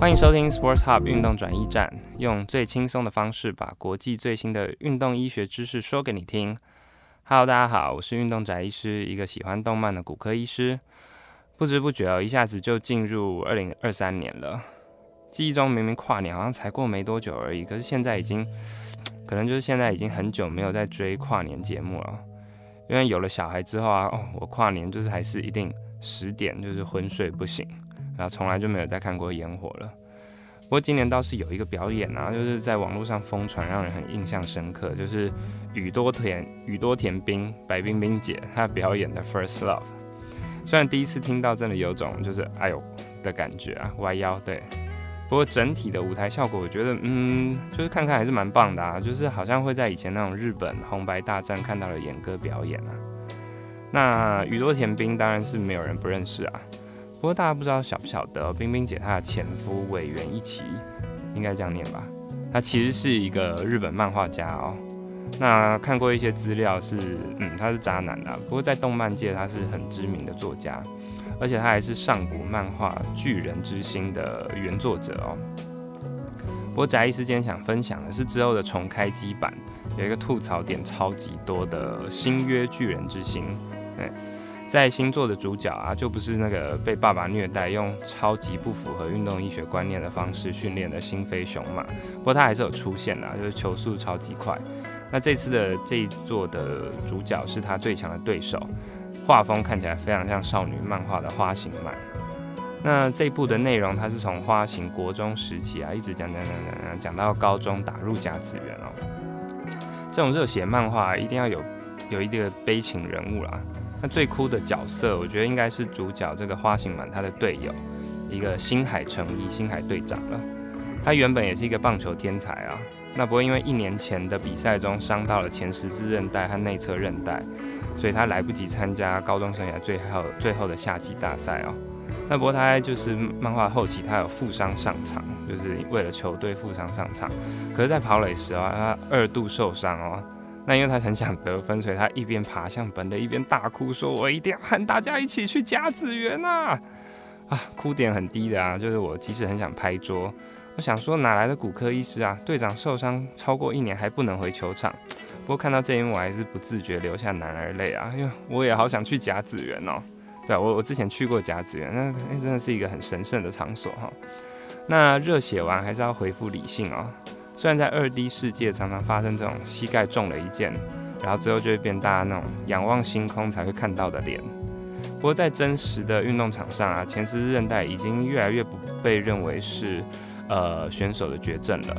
歡迎收聽 Sports Hub 運動轉驛站，用最輕鬆的方式把國際最新的運動醫學知識說給你聽。Hello，大家好，我是運動宅醫師，一個喜歡動漫的骨科醫師。不知不覺、哦、一下子就進入二零二三年了。記憶中明明跨年好像才過沒多久而已，可是現在已經，可能就是現在已經很久沒有在追跨年節目了。因為有了小孩之後啊，哦，我跨年就是還是一定十點就是昏睡不醒。然後從來就沒有再看過煙火了。不過今年倒是有一個表演啊，就是在網絡上瘋傳，讓人很印象深刻。就是宇多田宇多田冰白冰冰姐她表演的《First Love》，雖然第一次聽到真的有種就是哎呦的感覺啊，歪腰，對。不過整體的舞台效果，我覺得嗯，就是看看還是蠻棒的啊，就是好像會在以前那種日本紅白大戰看到的演歌表演啊。那宇多田冰當然是沒有人不認識啊。不過大家不知道曉不曉得，冰冰姐她的前夫梶原一騎應該這樣念吧？他其實是一個日本漫畫家哦、喔。那看過一些資料是，嗯，他是渣男啊。不過在動漫界他是很知名的作家，而且他還是上古漫畫《巨人之星》的原作者哦、喔。不過宅醫師今天想分享的是之後的重開機版，有一個吐槽點超級多的《新約巨人之星》，哎在新作的主角啊，就不是那個被爸爸虐待、用超級不符合運動醫學觀念的方式訓練的星飛雄馬，不過他還是有出現的、啊，就是球速超級快。那這次的這一作的主角是他最強的對手，畫風看起來非常像少女漫畫的花形滿。那這一部的內容，它是從花形國中時期啊，一直講講講講講到高中打入甲子園哦。這種熱血漫畫、啊、一定要有有一個悲情人物啦。那最哭的角色，我覺得應該是主角這個花形滿他的隊友，一個新海誠一新海隊長了。他原本也是一個棒球天才啊、哦，那不過因為一年前的比賽中傷到了前十字韌帶和內側韌帶，所以他來不及參加高中生涯最後最後的夏季大賽哦。那不過他就是漫畫後期他有負傷上、上場，就是為了球隊負傷上場，可是，在跑壘時啊、哦，他二度受傷哦。那因為他很想得分，所以他一邊爬向本壘一邊大哭，說：“我一定要喊大家一起去甲子園吶、啊！”啊，哭點很低的啊，就是我即使很想拍桌，我想說哪來的骨科醫師啊？隊長受傷超過一年還不能回球場。不過看到這一幕，我還是不自覺流下男兒淚啊，因為我也好想去甲子園哦、喔。對啊，我我之前去過甲子園，那真的是一個很神聖的場所哈、喔。那熱血完還是要回復理性哦、喔。雖然在二 D 世界常常發生這種膝蓋中了一箭，然後之後就會變大家那種仰望星空才會看到的臉。不過在真實的運動場上啊，前十字韌帶已經越來越不被認為是呃選手的絕症了。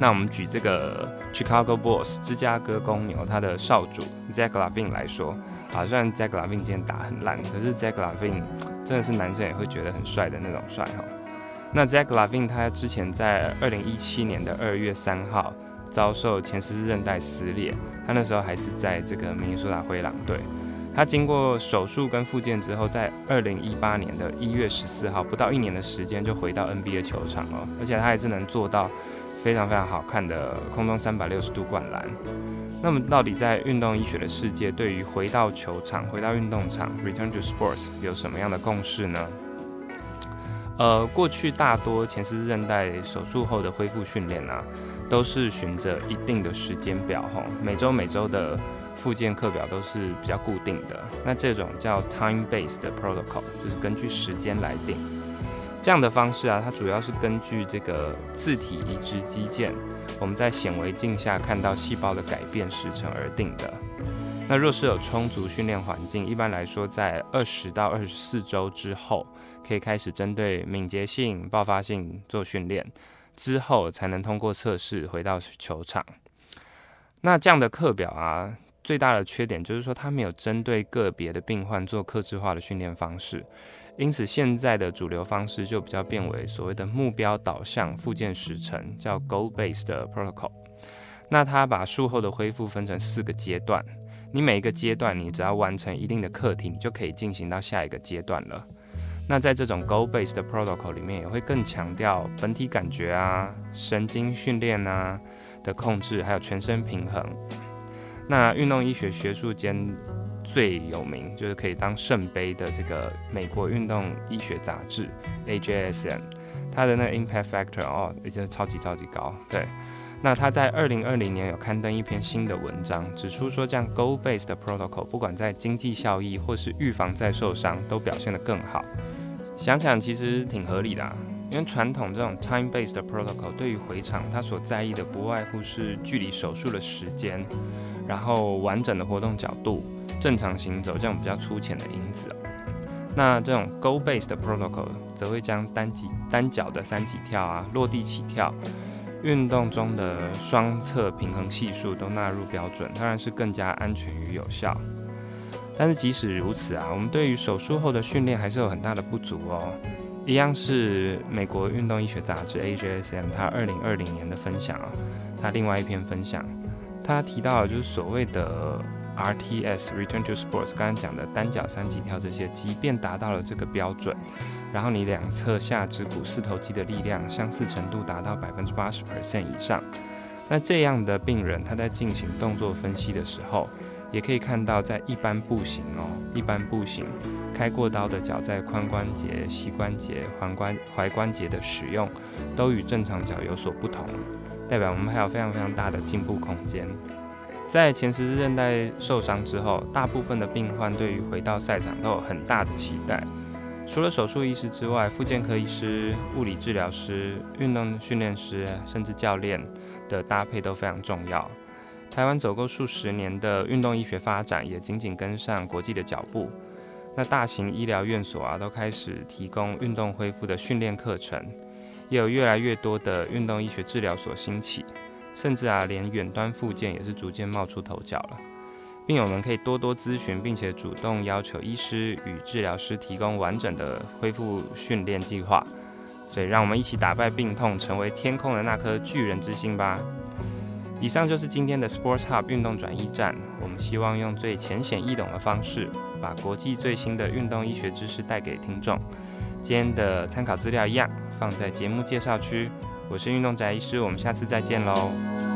那我們舉這個 Chicago Bulls 芝加哥公牛它的少主 Zach Lavine 來說啊，雖然 Zach Lavine 今天打很爛，可是 Zach Lavine 真的是男生也會覺得很帥的那種帥哈。那 Zach LaVine 他之前在二零一七年的二月三號遭受前十字韌帶撕裂，他那時候還是在這個明尼蘇達灰狼隊。他經過手術跟復健之後，在二零一八年的一月十四號，不到一年的時間就回到 N B A 球場了。而且他還是能做到非常非常好看的空中三百六十度灌籃。那麼到底在運動醫學的世界，對於回到球場、回到運動場 （return to sports） 有什麼樣的共識呢？呃，過去大多前十字韌帶手術後的恢復訓練啊，都是循着一定的時間表吼，每周每周的復健課表都是比較固定的。那這種叫 time-based protocol，就是根據時間來定。這樣的方式啊，它主要是根據這個自體移植肌腱，我們在顯微鏡下看到細胞的改變時程而定的。那若是有充足訓練環境，一般來說在二十到二十四周之後，可以開始針對敏捷性、爆發性做訓練，之後才能通過測試回到球場。那這樣的課表啊，最大的缺點就是說它沒有針對個別的病患做客製化的訓練方式，因此現在的主流方式就比較變為所謂的目標導向復健時程，叫 Goal Based 的 Protocol。那它把術後的恢復分成四個階段。你每一個階段，你只要完成一定的課題，你就可以進行到下一個階段了。那在這種 goal-based 的 protocol 裡面，也會更強調本體感覺啊、神經訓練啊的控制，還有全身平衡。那運動醫學學術間最有名，就是可以當聖杯的這個美國運動醫學雜誌 AJSM，它的那個 impact factor 哦，也就是超級超級高，對。那他在二零二零年有刊登一篇新的文章，指出說這樣 goal-based protocol 不管在經濟效益或是預防再受傷，都表現得更好。想想其實挺合理的，啊，因為傳統這種 time-based protocol 對於回場，他所在意的不外乎是距離手術的時間，然後完整的活動角度、正常行走這種比較粗淺的因子，啊。那這種 goal-based protocol 則會將單級單腳的三級跳啊、落地起跳。運動中的雙側平衡係數都納入標準，當然是更加安全與有效。但是即使如此啊，我們對於手術後的訓練還是有很大的不足哦。一樣是美國運動醫學雜誌 AJSM，它二零二零年的分享啊、哦，它另外一篇分享，它提到的就是所謂的。R T S Return to Sports，剛才講的單腳三級跳這些，即便達到了這個標準，然後你兩側下肢股四頭肌的力量相似程度達到百分之八十 percent 以上，那這樣的病人他在進行動作分析的時候，也可以看到在一般步行哦、喔，一般步行開過刀的腳在髖關節、膝關節、踝關踝關節的使用都與正常腳有所不同，代表我們還有非常非常大的進步空間。在前十字韌帶受傷之後，大部分的病患對於回到賽場都有很大的期待。除了手術醫師之外，復健科醫師、物理治療師、運動訓練師，甚至教練的搭配都非常重要。台灣走過數十年的運動醫學發展，也緊緊跟上國際的腳步。那大型醫療院所啊，都開始提供運動恢復的訓練課程，也有越來越多的運動醫學治療所興起。甚至啊，連遠端復健也是逐漸冒出頭角了。病友們可以多多諮詢，並且主動要求醫師與治療師提供完整的恢復訓練計劃。所以，讓我們一起打敗病痛，成為天空的那顆巨人之星吧！以上就是今天的 Sports Hub 運動轉驛站。我們希望用最淺顯易懂的方式，把國際最新的運動醫學知識帶給聽眾。今天的參考資料一樣放在節目介紹區。我是運動宅醫師，我們下次再見嘍。